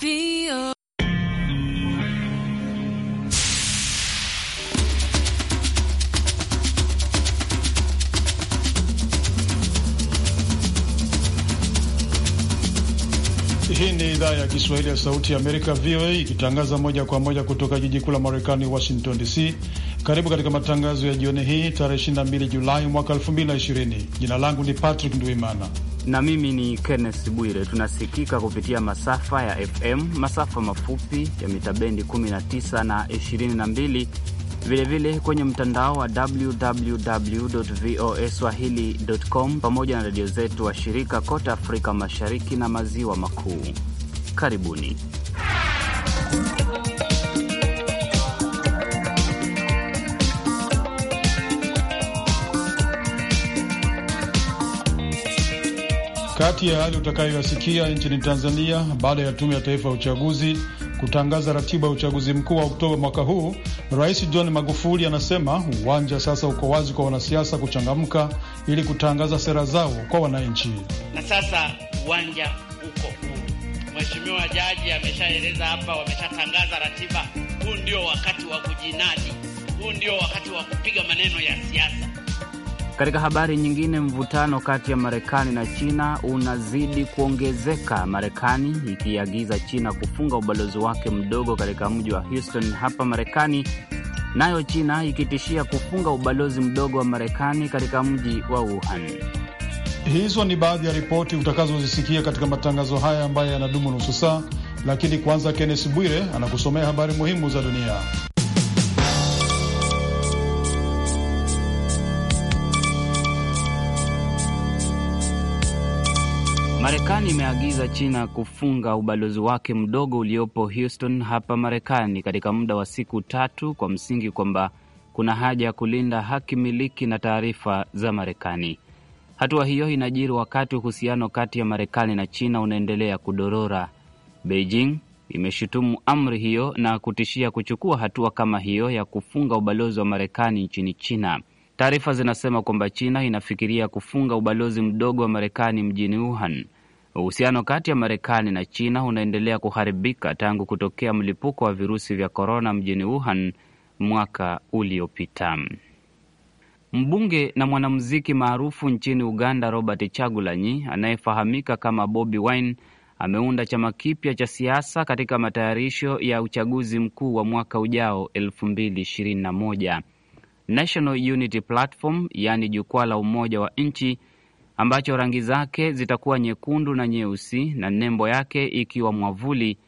Hii ni idhaa ya Kiswahili ya Sauti ya Amerika, VOA, ikitangaza moja kwa moja kutoka jiji kuu la Marekani, Washington DC. Karibu katika matangazo ya jioni hii tarehe 22 Julai mwaka 2020. Jina langu ni Patrick Ndwimana na mimi ni Kenneth Bwire. Tunasikika kupitia masafa ya FM, masafa mafupi ya mitabendi 19 na 22, vilevile kwenye mtandao wa www voa swahili.com, pamoja na redio zetu wa shirika kote Afrika Mashariki na Maziwa Makuu. Karibuni. Kati ya hali utakayoyasikia nchini Tanzania baada ya tume ya taifa ya uchaguzi kutangaza ratiba ya uchaguzi mkuu wa Oktoba mwaka huu, Rais John Magufuli anasema uwanja sasa uko wazi kwa wanasiasa kuchangamka ili kutangaza sera zao kwa wananchi. Na sasa uwanja uko huu. Mheshimiwa Jaji ameshaeleza hapa, wameshatangaza ratiba. Huu ndio wakati wa kujinadi, huu ndio wakati wa kupiga maneno ya siasa. Katika habari nyingine, mvutano kati ya Marekani na China unazidi kuongezeka, Marekani ikiagiza China kufunga ubalozi wake mdogo katika mji wa Houston hapa Marekani, nayo China ikitishia kufunga ubalozi mdogo wa Marekani katika mji wa Wuhan. Hizo ni baadhi ya ripoti utakazozisikia katika matangazo haya ambayo yanadumu nusu saa, lakini kwanza, Kennes Bwire anakusomea habari muhimu za dunia. Marekani imeagiza China kufunga ubalozi wake mdogo uliopo Houston hapa Marekani katika muda wa siku tatu kwa msingi kwamba kuna haja ya kulinda haki miliki na taarifa za Marekani. Hatua hiyo inajiri wakati uhusiano kati ya Marekani na China unaendelea kudorora. Beijing imeshutumu amri hiyo na kutishia kuchukua hatua kama hiyo ya kufunga ubalozi wa Marekani nchini China. Taarifa zinasema kwamba China inafikiria kufunga ubalozi mdogo wa Marekani mjini Wuhan. Uhusiano kati ya Marekani na China unaendelea kuharibika tangu kutokea mlipuko wa virusi vya korona mjini Wuhan mwaka uliopita. Mbunge na mwanamuziki maarufu nchini Uganda Robert Chagulanyi anayefahamika kama Bobi Wine ameunda chama kipya cha siasa katika matayarisho ya uchaguzi mkuu wa mwaka ujao 2021. National Unity Platform, yaani jukwaa la umoja wa nchi ambacho rangi zake zitakuwa nyekundu na nyeusi na nembo yake ikiwa mwavuli,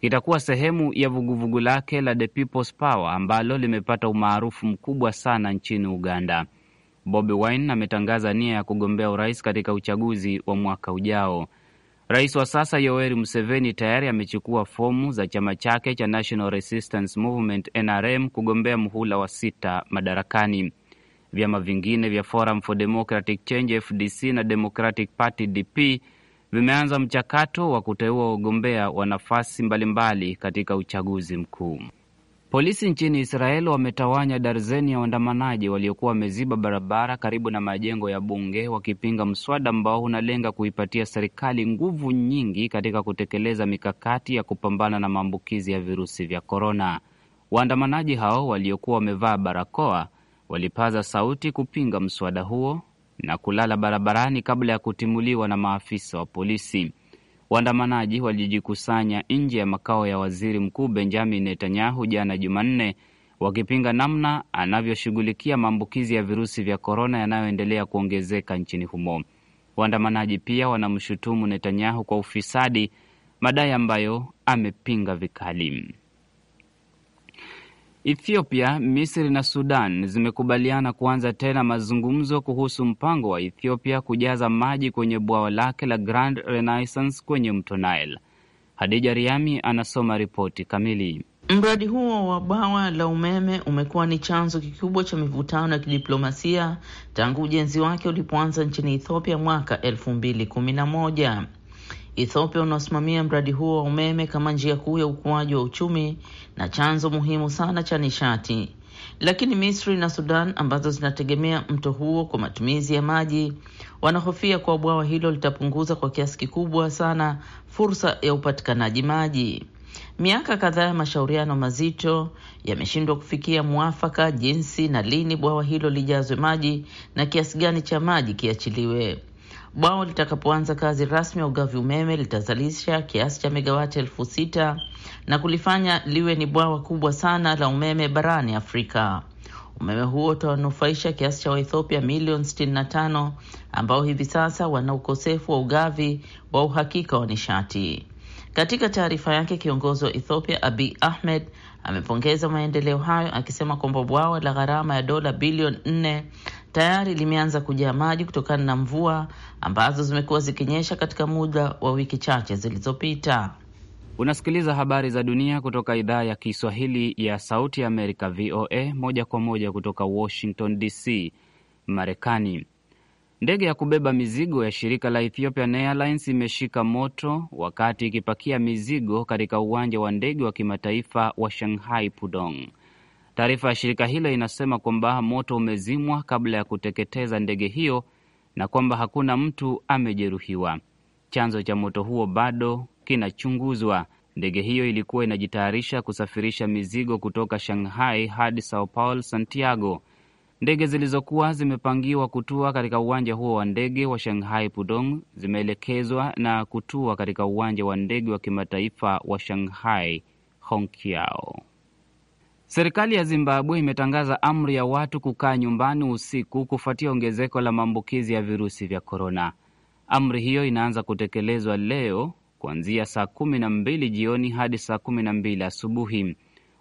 kitakuwa sehemu ya vuguvugu lake la The People's Power ambalo limepata umaarufu mkubwa sana nchini Uganda. Bobi Wine ametangaza nia ya kugombea urais katika uchaguzi wa mwaka ujao. Rais wa sasa Yoweri Museveni tayari amechukua fomu za chama chake cha National Resistance Movement NRM kugombea mhula wa sita madarakani. Vyama vingine vya Forum for Democratic Change FDC na Democratic Party DP vimeanza mchakato wa kuteua wagombea wa nafasi mbalimbali katika uchaguzi mkuu. Polisi nchini Israel wametawanya darzeni ya waandamanaji waliokuwa wameziba barabara karibu na majengo ya bunge wakipinga mswada ambao unalenga kuipatia serikali nguvu nyingi katika kutekeleza mikakati ya kupambana na maambukizi ya virusi vya korona. Waandamanaji hao waliokuwa wamevaa barakoa walipaza sauti kupinga mswada huo na kulala barabarani kabla ya kutimuliwa na maafisa wa polisi. Waandamanaji walijikusanya nje ya makao ya waziri mkuu Benjamin Netanyahu jana Jumanne, wakipinga namna anavyoshughulikia maambukizi ya virusi vya korona yanayoendelea kuongezeka nchini humo. Waandamanaji pia wanamshutumu Netanyahu kwa ufisadi, madai ambayo amepinga vikali. Ethiopia, Misri na Sudan zimekubaliana kuanza tena mazungumzo kuhusu mpango wa Ethiopia kujaza maji kwenye bwawa lake la Grand Renaissance kwenye mto Nile. Hadija Riami anasoma ripoti kamili. Mradi huo wa bwawa la umeme umekuwa ni chanzo kikubwa cha mivutano ya kidiplomasia tangu ujenzi wake ulipoanza nchini Ethiopia mwaka elfu mbili kumi na moja. Ethiopia unaosimamia mradi huo wa umeme kama njia kuu ya ukuaji wa uchumi na chanzo muhimu sana cha nishati, lakini Misri na Sudan ambazo zinategemea mto huo kwa matumizi ya maji wanahofia kuwa bwawa hilo litapunguza kwa kiasi kikubwa sana fursa ya upatikanaji maji. Miaka kadhaa ya mashauriano mazito yameshindwa kufikia mwafaka jinsi na lini bwawa hilo lijazwe maji na kiasi gani cha maji kiachiliwe. Bwawa litakapoanza kazi rasmi ya ugavi umeme litazalisha kiasi cha megawati elfu sita na kulifanya liwe ni bwawa kubwa sana la umeme barani Afrika. Umeme huo utawanufaisha kiasi cha Waethiopia milioni tano ambao hivi sasa wana ukosefu wa ugavi wa uhakika wa nishati. Katika taarifa yake, kiongozi wa Ethiopia abi Ahmed amepongeza maendeleo hayo akisema kwamba bwawa la gharama ya dola bilioni nne tayari limeanza kujaa maji kutokana na mvua ambazo zimekuwa zikinyesha katika muda wa wiki chache zilizopita. Unasikiliza habari za dunia kutoka idhaa ya Kiswahili ya Sauti ya Amerika, VOA, moja kwa moja kutoka Washington DC, Marekani. Ndege ya kubeba mizigo ya shirika la Ethiopian Airlines imeshika moto wakati ikipakia mizigo katika uwanja wa ndege wa kimataifa wa Shanghai Pudong. Taarifa ya shirika hilo inasema kwamba moto umezimwa kabla ya kuteketeza ndege hiyo na kwamba hakuna mtu amejeruhiwa. Chanzo cha moto huo bado kinachunguzwa. Ndege hiyo ilikuwa inajitayarisha kusafirisha mizigo kutoka Shanghai hadi Sao Paulo, Santiago. Ndege zilizokuwa zimepangiwa kutua katika uwanja huo wa ndege wa Shanghai Pudong zimeelekezwa na kutua katika uwanja wa ndege wa kimataifa wa Shanghai Hongqiao. Serikali ya Zimbabwe imetangaza amri ya watu kukaa nyumbani usiku kufuatia ongezeko la maambukizi ya virusi vya korona. Amri hiyo inaanza kutekelezwa leo kuanzia saa kumi na mbili jioni hadi saa kumi na mbili asubuhi.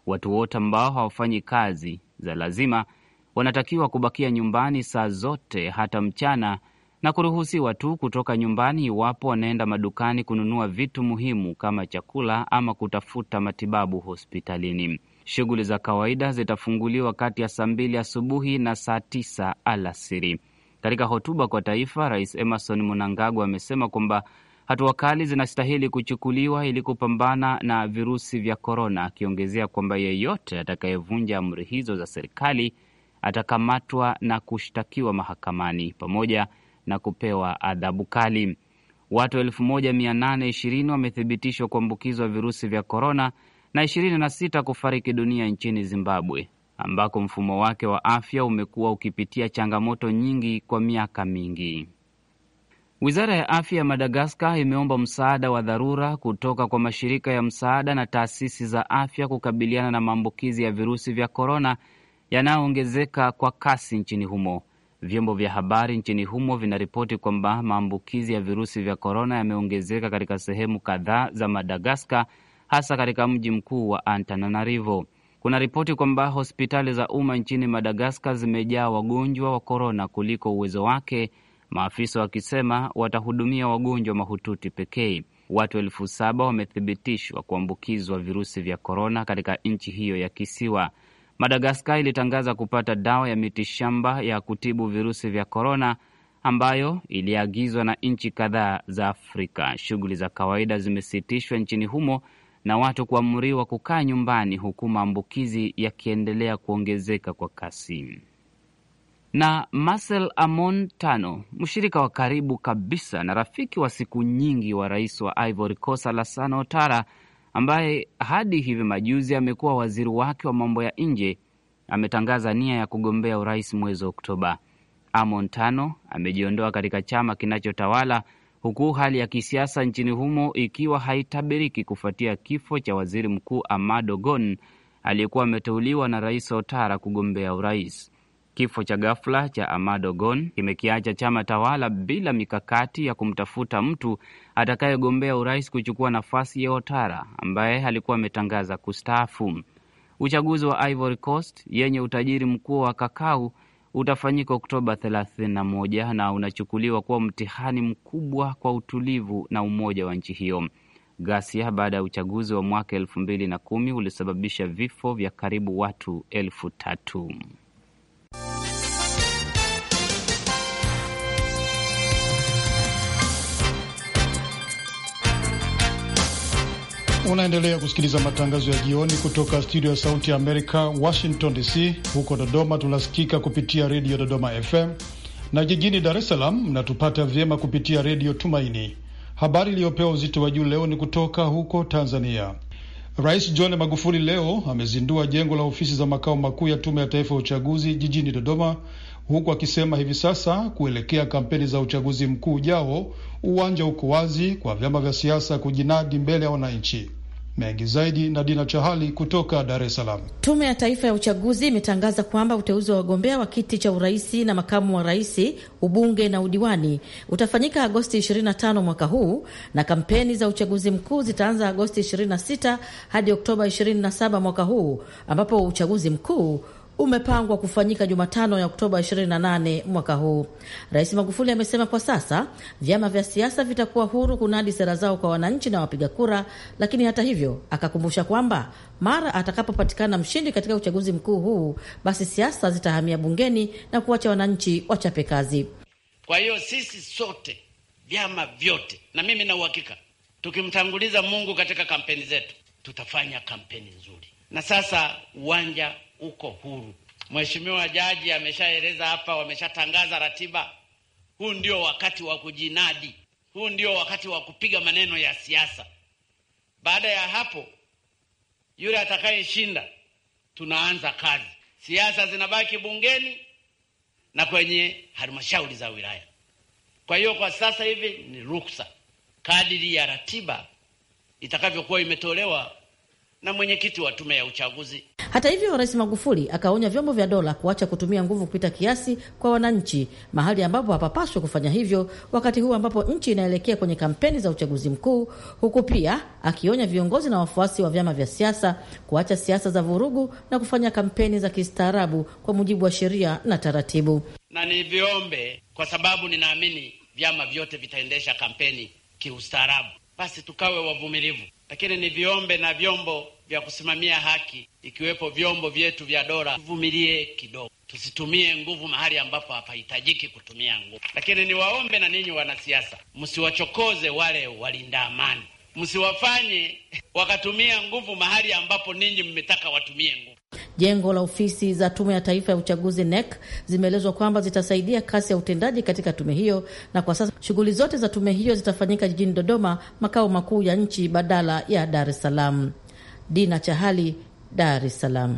Watu wote ambao hawafanyi kazi za lazima wanatakiwa kubakia nyumbani saa zote, hata mchana, na kuruhusiwa tu kutoka nyumbani iwapo wanaenda madukani kununua vitu muhimu kama chakula ama kutafuta matibabu hospitalini. Shughuli za kawaida zitafunguliwa kati ya saa mbili asubuhi na saa tisa alasiri. Katika hotuba kwa taifa, Rais Emerson Mnangagwa amesema kwamba hatua kali zinastahili kuchukuliwa ili kupambana na virusi vya korona, akiongezea kwamba yeyote atakayevunja amri hizo za serikali atakamatwa na kushtakiwa mahakamani pamoja na kupewa adhabu kali. Watu 1820 wamethibitishwa kuambukizwa virusi vya korona na ishirini na sita kufariki dunia nchini Zimbabwe ambako mfumo wake wa afya umekuwa ukipitia changamoto nyingi kwa miaka mingi. Wizara ya afya ya Madagaskar imeomba msaada wa dharura kutoka kwa mashirika ya msaada na taasisi za afya kukabiliana na maambukizi ya virusi vya korona yanayoongezeka kwa kasi nchini humo. Vyombo vya habari nchini humo vinaripoti kwamba maambukizi ya virusi vya korona yameongezeka katika sehemu kadhaa za Madagaskar hasa katika mji mkuu wa Antananarivo. Kuna ripoti kwamba hospitali za umma nchini Madagaskar zimejaa wagonjwa wa korona kuliko uwezo wake, maafisa wakisema watahudumia wagonjwa mahututi pekee. Watu elfu saba wamethibitishwa kuambukizwa virusi vya korona katika nchi hiyo ya kisiwa. Madagaskar ilitangaza kupata dawa ya mitishamba ya kutibu virusi vya korona ambayo iliagizwa na nchi kadhaa za Afrika. Shughuli za kawaida zimesitishwa nchini humo na watu kuamriwa kukaa nyumbani huku maambukizi yakiendelea kuongezeka kwa kasi. Na Marcel Amon Tano, mshirika wa karibu kabisa na rafiki wa siku nyingi wa rais wa Ivory Coast Alassane Ouattara, ambaye hadi hivi majuzi amekuwa waziri wake wa mambo ya nje, ametangaza nia ya kugombea urais mwezi Oktoba. Amon Tano amejiondoa katika chama kinachotawala huku hali ya kisiasa nchini humo ikiwa haitabiriki kufuatia kifo cha waziri mkuu amado gon aliyekuwa ameteuliwa na Rais otara kugombea urais. Kifo cha ghafla cha amado gon kimekiacha chama tawala bila mikakati ya kumtafuta mtu atakayegombea urais kuchukua nafasi ya otara ambaye alikuwa ametangaza kustaafu. Uchaguzi wa Ivory Coast yenye utajiri mkuu wa kakao utafanyika Oktoba 31 na unachukuliwa kuwa mtihani mkubwa kwa utulivu na umoja wa nchi hiyo. Ghasia baada ya uchaguzi wa mwaka elfu mbili na kumi ulisababisha vifo vya karibu watu elfu tatu. Unaendelea kusikiliza matangazo ya jioni kutoka studio ya Sauti ya Amerika, Washington DC. Huko Dodoma tunasikika kupitia redio Dodoma FM na jijini Dar es Salaam mnatupata vyema kupitia redio Tumaini. Habari iliyopewa uzito wa juu leo ni kutoka huko Tanzania. Rais John Magufuli leo amezindua jengo la ofisi za makao makuu ya Tume ya Taifa ya Uchaguzi jijini Dodoma, huku akisema hivi sasa kuelekea kampeni za uchaguzi mkuu ujao, uwanja uko wazi kwa vyama vya siasa kujinadi mbele ya wananchi. Mengi zaidi na Dina Chahali kutoka Dar es Salaam. Tume ya Taifa ya Uchaguzi imetangaza kwamba uteuzi wa wagombea wa kiti cha uraisi na makamu wa raisi, ubunge na udiwani utafanyika Agosti 25 mwaka huu na kampeni za uchaguzi mkuu zitaanza Agosti 26 hadi Oktoba 27 mwaka huu ambapo uchaguzi mkuu umepangwa kufanyika Jumatano ya Oktoba 28 mwaka huu. Rais Magufuli amesema kwa sasa vyama vya siasa vitakuwa huru kunadi sera zao kwa wananchi na wapiga kura, lakini hata hivyo akakumbusha kwamba mara atakapopatikana mshindi katika uchaguzi mkuu huu, basi siasa zitahamia bungeni na kuwacha wananchi wachape kazi. Kwa hiyo sisi sote vyama vyote, na mimi na uhakika tukimtanguliza Mungu katika kampeni zetu tutafanya kampeni nzuri. Na sasa uwanja uko huru. Mheshimiwa Jaji ameshaeleza hapa, wameshatangaza ratiba. Huu ndio wakati wa kujinadi, huu ndio wakati wa kupiga maneno ya siasa. Baada ya hapo, yule atakayeshinda, tunaanza kazi. Siasa zinabaki bungeni na kwenye halmashauri za wilaya. Kwa hiyo kwa sasa hivi ni ruksa, kadiri ya ratiba itakavyokuwa imetolewa na mwenyekiti wa tume ya uchaguzi. Hata hivyo, Rais Magufuli akaonya vyombo vya dola kuacha kutumia nguvu kupita kiasi kwa wananchi, mahali ambapo hapapaswi kufanya hivyo, wakati huu ambapo nchi inaelekea kwenye kampeni za uchaguzi mkuu, huku pia akionya viongozi na wafuasi wa vyama vya siasa kuacha siasa za vurugu na kufanya kampeni za kistaarabu kwa mujibu wa sheria na taratibu. Na niviombe, kwa sababu ninaamini vyama vyote vitaendesha kampeni kiustaarabu, basi tukawe wavumilivu lakini niviombe na vyombo vya kusimamia haki, ikiwepo vyombo vyetu vya dola, tuvumilie kidogo, tusitumie nguvu mahali ambapo hapahitajiki kutumia nguvu. Lakini niwaombe na ninyi wanasiasa, msiwachokoze wale walinda amani, msiwafanye wakatumia nguvu mahali ambapo ninyi mmetaka watumie nguvu. Jengo la ofisi za Tume ya Taifa ya Uchaguzi NEC zimeelezwa kwamba zitasaidia kasi ya utendaji katika tume hiyo, na kwa sasa shughuli zote za tume hiyo zitafanyika jijini Dodoma, makao makuu ya nchi, badala ya Dar es Salaam. Dina Chahali, Dar es Salaam.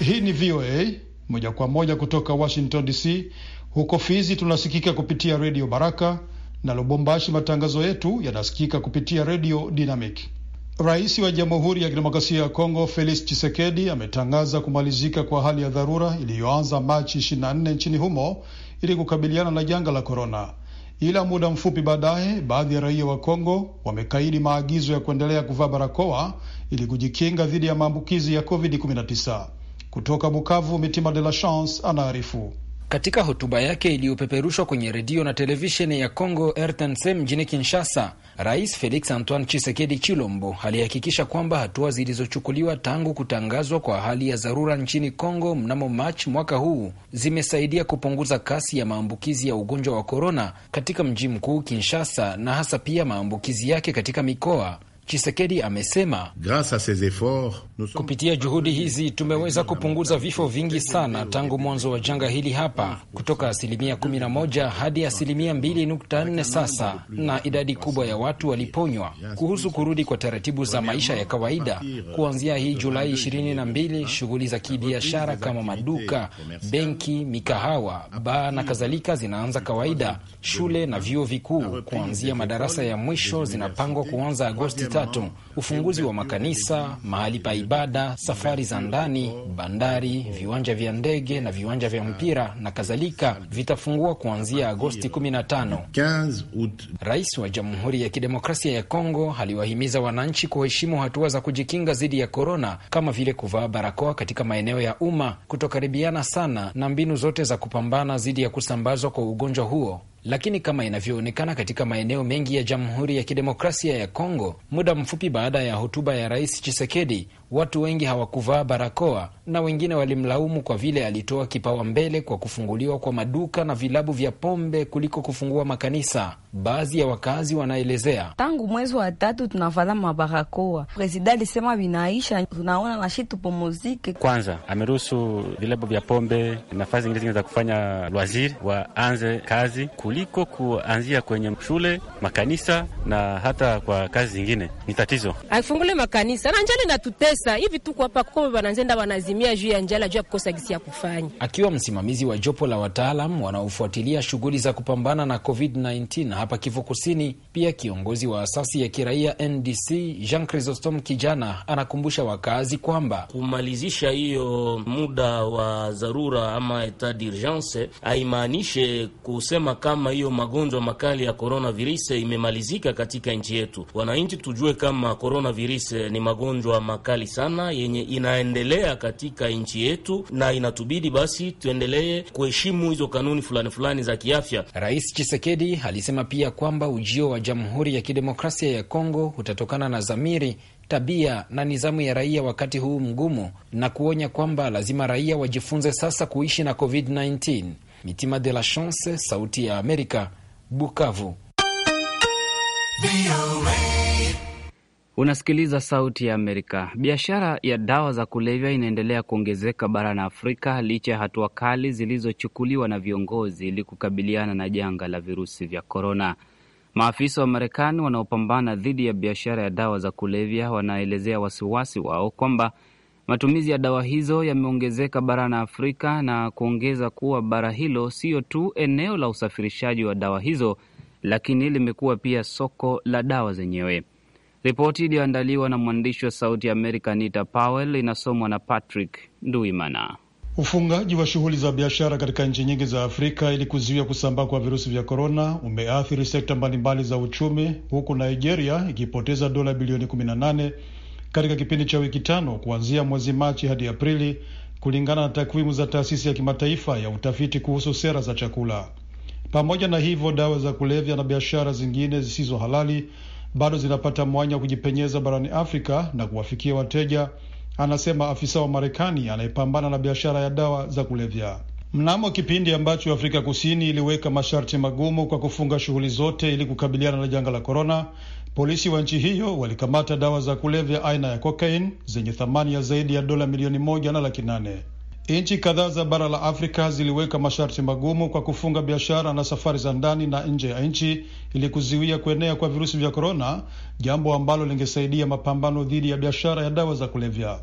Hii ni VOA moja kwa moja kutoka Washington DC. Huko Fizi tunasikika kupitia Redio Baraka na Lubumbashi. Matangazo yetu yanasikika kupitia redio Dynamic. Rais wa Jamhuri ya Kidemokrasia ya Kongo Felix Tshisekedi ametangaza kumalizika kwa hali ya dharura iliyoanza Machi 24 nchini humo ili kukabiliana na janga la korona, ila muda mfupi baadaye baadhi ya raia wa Kongo wamekaidi maagizo ya kuendelea kuvaa barakoa ili kujikinga dhidi ya maambukizi ya COVID-19. Kutoka Bukavu, Mitima de la Chance anaarifu. Katika hotuba yake iliyopeperushwa kwenye redio na televisheni ya Congo RTNC mjini Kinshasa, Rais Felix Antoine chisekedi Chilombo alihakikisha kwamba hatua zilizochukuliwa tangu kutangazwa kwa hali ya dharura nchini Congo mnamo Machi mwaka huu zimesaidia kupunguza kasi ya maambukizi ya ugonjwa wa korona katika mji mkuu Kinshasa na hasa pia maambukizi yake katika mikoa Chisekedi amesema kupitia juhudi hizi tumeweza kupunguza vifo vingi sana tangu mwanzo wa janga hili hapa kutoka asilimia 11 hadi asilimia 2.4 sasa, na idadi kubwa ya watu waliponywa. Kuhusu kurudi kwa taratibu za maisha ya kawaida kuanzia hii Julai 22, shughuli za kibiashara kama maduka, benki, mikahawa, baa na kadhalika zinaanza kawaida. Shule na vyuo vikuu kuanzia madarasa ya mwisho zinapangwa kuanza Agosti tatu: ufunguzi wa makanisa, mahali pa ibada, safari za ndani, bandari, viwanja vya ndege na viwanja vya mpira na kadhalika vitafungua kuanzia Agosti 15. Rais wa Jamhuri ya Kidemokrasia ya Kongo aliwahimiza wananchi kuheshimu hatua za kujikinga dhidi ya korona kama vile kuvaa barakoa katika maeneo ya umma, kutokaribiana sana na mbinu zote za kupambana dhidi ya kusambazwa kwa ugonjwa huo lakini kama inavyoonekana katika maeneo mengi ya Jamhuri ya Kidemokrasia ya Kongo, muda mfupi baada ya hotuba ya Rais chisekedi watu wengi hawakuvaa barakoa na wengine walimlaumu kwa vile alitoa kipawa mbele kwa kufunguliwa kwa maduka na vilabu vya pombe kuliko kufungua makanisa. Baadhi ya wakazi wanaelezea, tangu mwezi wa tatu tunavala mabarakoa, presida alisema vinaisha, tunaona nashi tupomozike. Kwanza ameruhusu vilabu vya pombe, nafasi zingine zingine za kufanya lwaziri, waanze kazi kuliko kuanzia kwenye shule, makanisa na hata kwa kazi zingine. Ni tatizo afungule makanisa na njali pesa hivi tu hapa kwa wanazenda wanazimia juu ya njala juu ya kukosa gisi ya kufanya. Akiwa msimamizi wa jopo la wataalam wanaofuatilia shughuli za kupambana na COVID-19 hapa Kivu Kusini, pia kiongozi wa asasi ya kiraia NDC Jean Chrysostom Kijana anakumbusha wakazi kwamba kumalizisha hiyo muda wa dharura ama etat d'urgence haimaanishe kusema kama hiyo magonjwa makali ya coronavirus imemalizika katika nchi yetu. Wananchi tujue kama coronavirus ni magonjwa makali hatari sana yenye inaendelea katika nchi yetu, na inatubidi basi tuendelee kuheshimu hizo kanuni fulani fulani za kiafya. Rais Chisekedi alisema pia kwamba ujio wa Jamhuri ya Kidemokrasia ya Kongo utatokana na zamiri tabia na nizamu ya raia wakati huu mgumu, na kuonya kwamba lazima raia wajifunze sasa kuishi na COVID-19. Mitima de la Chance, Sauti ya Amerika, Bukavu. Unasikiliza Sauti ya Amerika. Biashara ya dawa za kulevya inaendelea kuongezeka barani Afrika licha ya hatua kali zilizochukuliwa na viongozi ili kukabiliana na janga la virusi vya korona. Maafisa wa Marekani wanaopambana dhidi ya biashara ya dawa za kulevya wanaelezea wasiwasi wao kwamba matumizi ya dawa hizo yameongezeka barani Afrika na kuongeza kuwa bara hilo siyo tu eneo la usafirishaji wa dawa hizo, lakini limekuwa pia soko la dawa zenyewe. Ripoti iliyoandaliwa na mwandishi wa Sauti ya Amerika Anita Powell inasomwa na Patrick Nduimana. Ufungaji wa shughuli za biashara katika nchi nyingi za Afrika ili kuzuia kusambaa kwa virusi vya korona umeathiri sekta mbalimbali za uchumi, huku Nigeria ikipoteza dola bilioni 18 katika kipindi cha wiki tano kuanzia mwezi Machi hadi Aprili, kulingana na takwimu za taasisi ya kimataifa ya utafiti kuhusu sera za chakula. Pamoja na hivyo, dawa za kulevya na biashara zingine zisizo halali bado zinapata mwanya wa kujipenyeza barani Afrika na kuwafikia wateja, anasema afisa wa Marekani anayepambana na biashara ya dawa za kulevya. Mnamo kipindi ambacho Afrika Kusini iliweka masharti magumu kwa kufunga shughuli zote ili kukabiliana na janga la korona, polisi wa nchi hiyo walikamata dawa za kulevya aina ya kokain zenye thamani ya zaidi ya dola milioni moja na laki nane. Nchi kadhaa za bara la Afrika ziliweka masharti magumu kwa kufunga biashara na safari za ndani na nje ya nchi ili kuzuia kuenea kwa virusi vya korona, jambo ambalo lingesaidia mapambano dhidi ya biashara ya dawa za kulevya.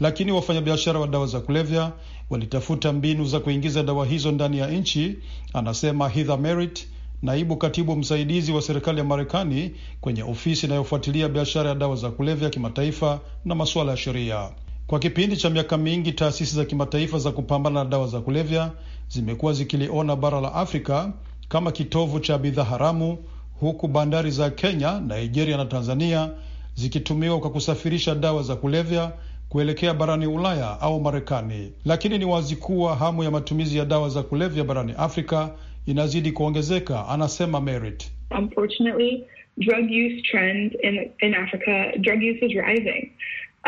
Lakini wafanyabiashara wa dawa za kulevya walitafuta mbinu za kuingiza dawa hizo ndani ya nchi, anasema Heather Merritt, naibu katibu msaidizi wa serikali ya Marekani kwenye ofisi inayofuatilia biashara ya dawa za kulevya kimataifa na masuala ya sheria. Kwa kipindi cha miaka mingi, taasisi za kimataifa za kupambana na dawa za kulevya zimekuwa zikiliona bara la Afrika kama kitovu cha bidhaa haramu, huku bandari za Kenya, Nigeria na Tanzania zikitumiwa kwa kusafirisha dawa za kulevya kuelekea barani Ulaya au Marekani. Lakini ni wazi kuwa hamu ya matumizi ya dawa za kulevya barani Afrika inazidi kuongezeka, anasema Merit. Unfortunately, drug use trend in, in Africa, drug use is rising.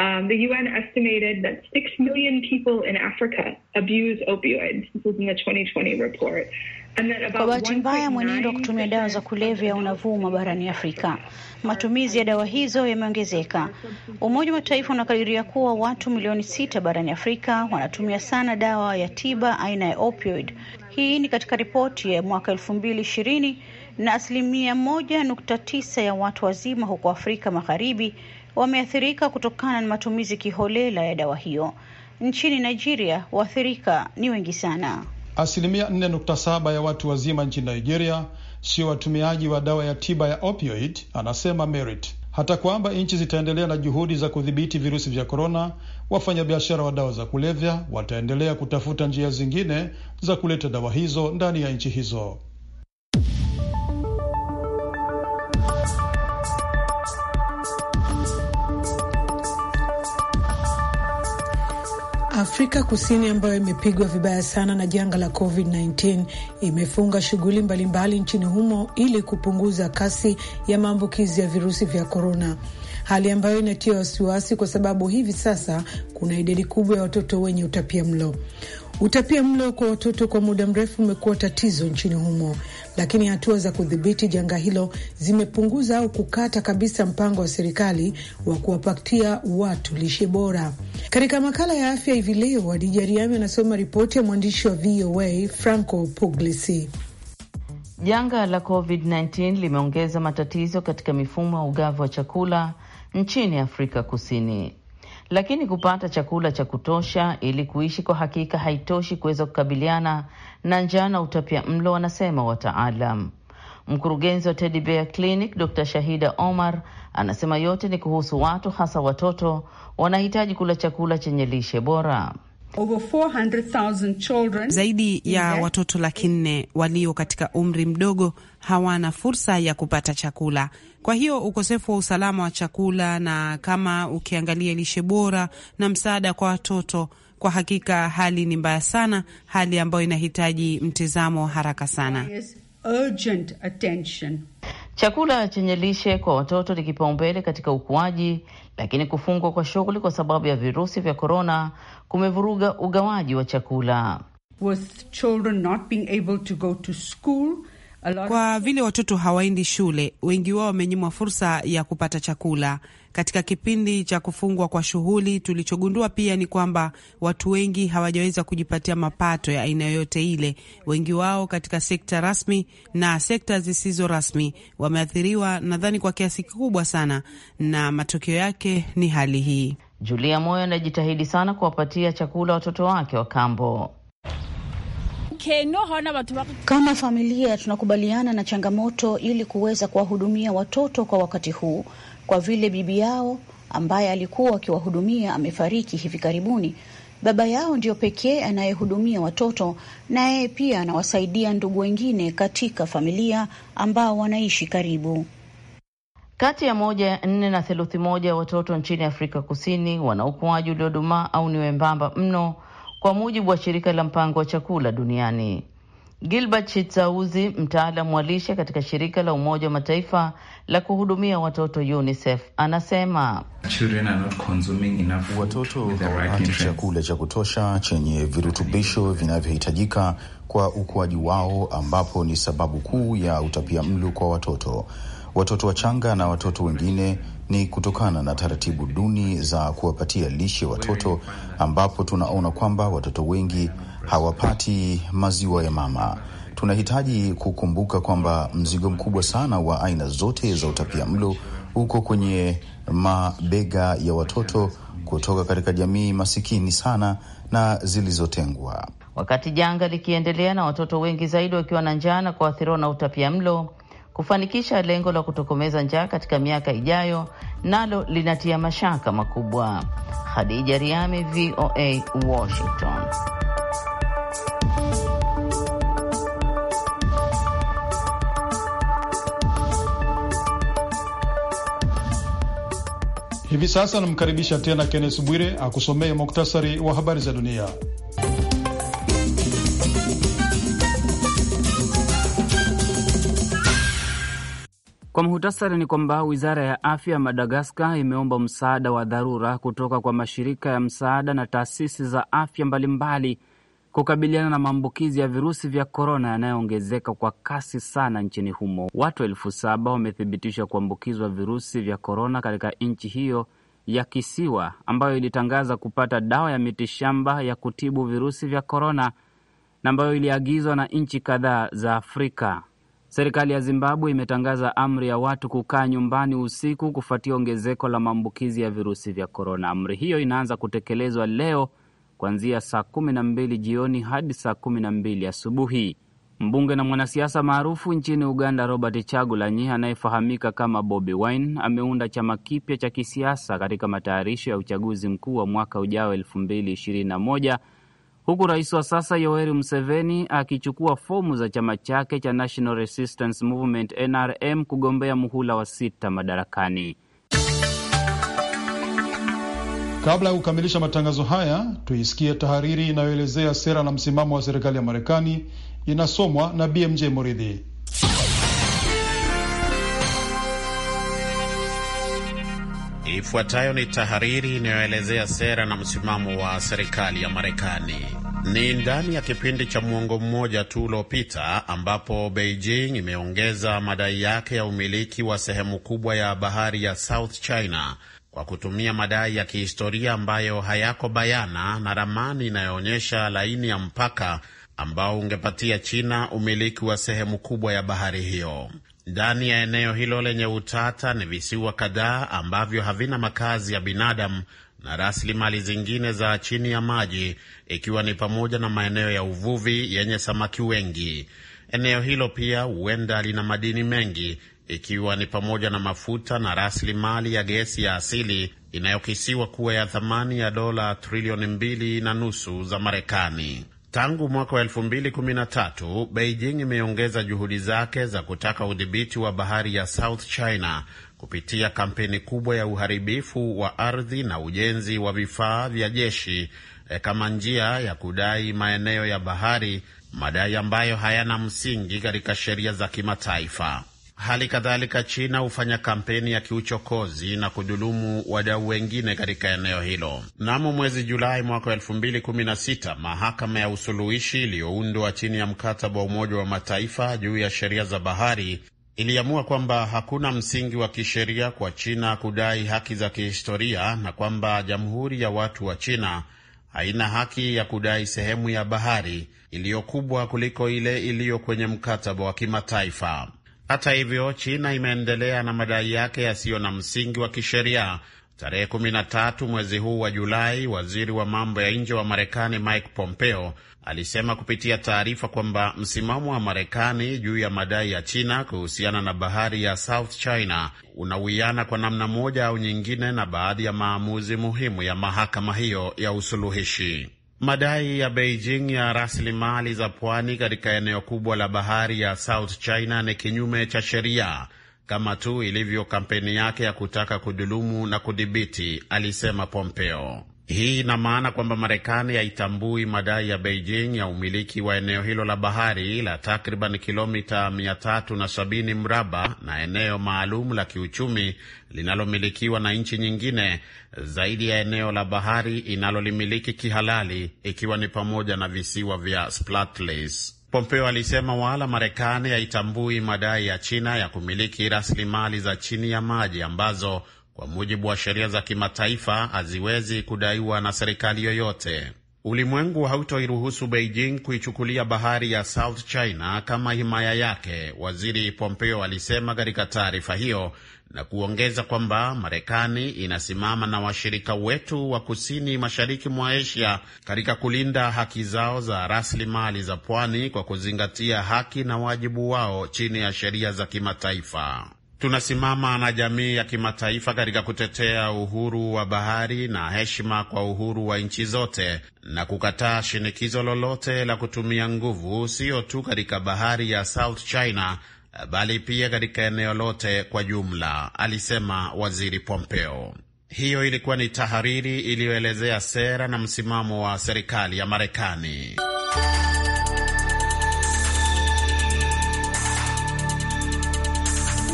Um, the UN estimated that 6 million people in Africa abuse opioids. This was in the 2020 report. Kwa bahati mbaya mwenendo wa kutumia dawa za kulevya unavuma barani Afrika. Matumizi ya dawa hizo yameongezeka. Umoja wa Mataifa unakadiria kuwa watu milioni sita barani Afrika wanatumia sana dawa ya tiba aina ya opioid. Hii ni katika ripoti ya mwaka elfu mbili ishirini na asilimia moja nukta tisa ya watu wazima huko Afrika Magharibi wameathirika kutokana na matumizi kiholela ya dawa hiyo. Nchini Nigeria, waathirika ni wengi sana. Asilimia 4.7 ya watu wazima nchini Nigeria sio watumiaji wa dawa ya tiba ya opioid, anasema Merit. Hata kwamba nchi zitaendelea na juhudi za kudhibiti virusi vya korona, wafanyabiashara wa dawa za kulevya wataendelea kutafuta njia zingine za kuleta dawa hizo ndani ya nchi hizo. Afrika Kusini ambayo imepigwa vibaya sana na janga la COVID-19 imefunga shughuli mbalimbali nchini humo ili kupunguza kasi ya maambukizi ya virusi vya korona, hali ambayo inatia wasiwasi kwa sababu hivi sasa kuna idadi kubwa ya watoto wenye utapia mlo. Utapia mlo kwa watoto kwa muda mrefu umekuwa tatizo nchini humo, lakini hatua za kudhibiti janga hilo zimepunguza au kukata kabisa mpango wa serikali wa kuwapatia watu lishe bora. Katika makala ya afya hivi leo, Adija Riami anasoma ripoti ya mwandishi wa VOA Franco Puglisi. Janga la COVID-19 limeongeza matatizo katika mifumo ya ugavi wa chakula nchini Afrika Kusini lakini kupata chakula cha kutosha ili kuishi kwa hakika haitoshi kuweza kukabiliana na njaa na utapia mlo, wanasema wataalam. Mkurugenzi wa Teddy Bear Clinic Dr. Shahida Omar anasema yote ni kuhusu watu, hasa watoto wanahitaji kula chakula chenye lishe bora children, zaidi ya watoto laki nne walio katika umri mdogo hawana fursa ya kupata chakula. Kwa hiyo ukosefu wa usalama wa chakula, na kama ukiangalia lishe bora na msaada kwa watoto, kwa hakika hali ni mbaya sana, hali ambayo inahitaji mtizamo haraka sana. Urgent attention. Chakula chenye lishe kwa watoto ni kipaumbele katika ukuaji, lakini kufungwa kwa shughuli kwa sababu ya virusi vya korona kumevuruga ugawaji wa chakula. With children not being able to go to school kwa vile watoto hawaendi shule, wengi wao wamenyimwa fursa ya kupata chakula katika kipindi cha kufungwa kwa shughuli. Tulichogundua pia ni kwamba watu wengi hawajaweza kujipatia mapato ya aina yoyote ile. Wengi wao katika sekta rasmi na sekta zisizo rasmi wameathiriwa, nadhani kwa kiasi kikubwa sana, na matokeo yake ni hali hii. Julia Moyo anajitahidi sana kuwapatia chakula watoto wake wa kambo. Kama familia tunakubaliana na changamoto ili kuweza kuwahudumia watoto kwa wakati huu, kwa vile bibi yao ambaye alikuwa akiwahudumia amefariki hivi karibuni. Baba yao ndiyo pekee anayehudumia watoto, na yeye pia anawasaidia ndugu wengine katika familia ambao wanaishi karibu. Kati ya moja ya nne na theluthi moja ya watoto nchini Afrika Kusini wana ukuaji uliodumaa au ni wembamba mno kwa mujibu wa shirika la mpango wa chakula duniani. Gilbert Chitsauzi, mtaalamu wa lishe katika shirika la Umoja wa Mataifa la kuhudumia watoto UNICEF, anasema watoto hawapati chakula cha kutosha chenye virutubisho vinavyohitajika kwa ukuaji wao, ambapo ni sababu kuu ya utapia mlo kwa watoto, watoto wachanga na watoto wengine ni kutokana na taratibu duni za kuwapatia lishe watoto, ambapo tunaona kwamba watoto wengi hawapati maziwa ya mama. Tunahitaji kukumbuka kwamba mzigo mkubwa sana wa aina zote za utapia mlo uko kwenye mabega ya watoto kutoka katika jamii masikini sana na zilizotengwa. Wakati janga likiendelea na watoto wengi zaidi wakiwa na njaa na kuathiriwa na utapia mlo, kufanikisha lengo la kutokomeza njaa katika miaka ijayo nalo linatia mashaka makubwa. Khadija Riami, VOA Washington. Hivi sasa namkaribisha tena Kennes Bwire akusomee muktasari wa habari za dunia. Kwa muhtasari ni kwamba wizara ya afya ya Madagaskar imeomba msaada wa dharura kutoka kwa mashirika ya msaada na taasisi za afya mbalimbali kukabiliana na maambukizi ya virusi vya korona yanayoongezeka kwa kasi sana nchini humo. Watu elfu saba wamethibitishwa kuambukizwa virusi vya korona katika nchi hiyo ya kisiwa ambayo ilitangaza kupata dawa ya mitishamba ya kutibu virusi vya korona na ambayo iliagizwa na nchi kadhaa za Afrika. Serikali ya Zimbabwe imetangaza amri ya watu kukaa nyumbani usiku kufuatia ongezeko la maambukizi ya virusi vya korona. Amri hiyo inaanza kutekelezwa leo kuanzia saa kumi na mbili jioni hadi saa kumi na mbili asubuhi. Mbunge na mwanasiasa maarufu nchini Uganda Robert Chagulanyi anayefahamika kama Bobi Wine ameunda chama kipya cha kisiasa katika matayarisho ya uchaguzi mkuu wa mwaka ujao elfu mbili ishirini na moja huku rais wa sasa Yoweri Museveni akichukua fomu za chama chake cha National Resistance Movement NRM kugombea muhula wa sita madarakani. Kabla ya kukamilisha matangazo haya, tuisikie tahariri inayoelezea sera na msimamo wa serikali ya Marekani, inasomwa na BMJ Moridhi. Ifuatayo ni tahariri inayoelezea sera na msimamo wa serikali ya Marekani. Ni ndani ya kipindi cha mwongo mmoja tu uliopita ambapo Beijing imeongeza madai yake ya umiliki wa sehemu kubwa ya bahari ya South China kwa kutumia madai ya kihistoria ambayo hayako bayana na ramani inayoonyesha laini ya mpaka ambao ungepatia China umiliki wa sehemu kubwa ya bahari hiyo. Ndani ya eneo hilo lenye utata ni visiwa kadhaa ambavyo havina makazi ya binadamu na rasilimali zingine za chini ya maji ikiwa ni pamoja na maeneo ya uvuvi yenye samaki wengi. Eneo hilo pia huenda lina madini mengi ikiwa ni pamoja na mafuta na rasilimali ya gesi ya asili inayokisiwa kuwa ya thamani ya dola trilioni mbili na nusu za Marekani. Tangu mwaka wa tatu Beijing imeongeza juhudi zake za kutaka udhibiti wa bahari ya South China kupitia kampeni kubwa ya uharibifu wa ardhi na ujenzi wa vifaa vya jeshi eh, kama njia ya kudai maeneo ya bahari, madai ambayo hayana msingi katika sheria za kimataifa. Hali kadhalika China hufanya kampeni ya kiuchokozi na kudhulumu wadau wengine katika eneo hilo. Mnamo mwezi Julai mwaka 2016 mahakama ya usuluhishi iliyoundwa chini ya mkataba wa Umoja wa Mataifa juu ya sheria za bahari iliamua kwamba hakuna msingi wa kisheria kwa China kudai haki za kihistoria na kwamba Jamhuri ya Watu wa China haina haki ya kudai sehemu ya bahari iliyo kubwa kuliko ile iliyo kwenye mkataba wa kimataifa. Hata hivyo, China imeendelea na madai yake yasiyo na msingi wa kisheria. Tarehe 13 mwezi huu wa Julai, waziri wa mambo ya nje wa Marekani Mike Pompeo alisema kupitia taarifa kwamba msimamo wa Marekani juu ya madai ya China kuhusiana na bahari ya South China unawiana kwa namna moja au nyingine na baadhi ya maamuzi muhimu ya mahakama hiyo ya usuluhishi. Madai ya Beijing ya rasilimali za pwani katika eneo kubwa la bahari ya South China ni kinyume cha sheria kama tu ilivyo kampeni yake ya kutaka kudhulumu na kudhibiti, alisema Pompeo. Hii ina maana kwamba Marekani haitambui madai ya Beijing ya umiliki wa eneo hilo la bahari la takriban kilomita 370 mraba na eneo maalum la kiuchumi linalomilikiwa na nchi nyingine zaidi ya eneo la bahari inalolimiliki kihalali ikiwa ni pamoja na visiwa vya Spratleys. Pompeo alisema wala Marekani haitambui madai ya China ya kumiliki rasilimali za chini ya maji ambazo kwa mujibu wa sheria za kimataifa haziwezi kudaiwa na serikali yoyote. Ulimwengu hautoiruhusu Beijing kuichukulia bahari ya South China kama himaya yake, waziri Pompeo alisema katika taarifa hiyo, na kuongeza kwamba Marekani inasimama na washirika wetu wa kusini mashariki mwa Asia katika kulinda haki zao za rasilimali za pwani kwa kuzingatia haki na wajibu wao chini ya sheria za kimataifa. Tunasimama na jamii ya kimataifa katika kutetea uhuru wa bahari na heshima kwa uhuru wa nchi zote na kukataa shinikizo lolote la kutumia nguvu, sio tu katika bahari ya South China bali pia katika eneo lote kwa jumla, alisema Waziri Pompeo. Hiyo ilikuwa ni tahariri iliyoelezea sera na msimamo wa serikali ya Marekani.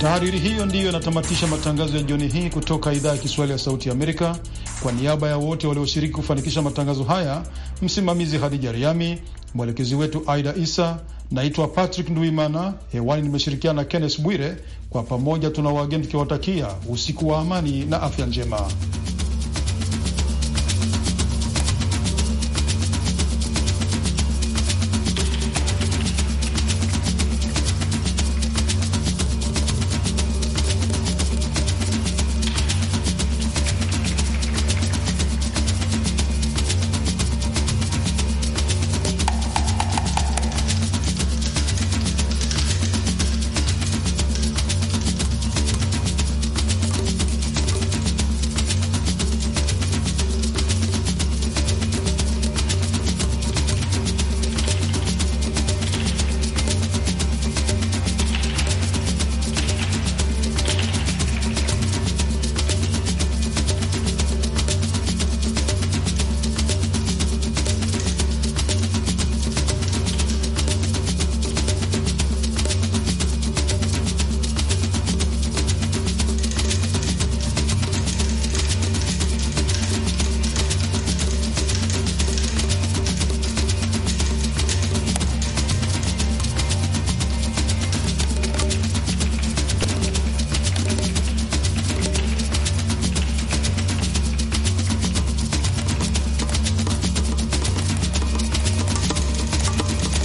Tahariri hiyo ndiyo inatamatisha matangazo ya jioni hii kutoka idhaa ya Kiswahili ya Sauti Amerika. Kwa niaba ya wote walioshiriki kufanikisha matangazo haya, msimamizi Hadija Riami, mwelekezi wetu Aida Isa. Naitwa Patrick Nduimana, hewani nimeshirikiana na Kennes Bwire. Kwa pamoja tuna wageni tukiwatakia usiku wa amani na afya njema.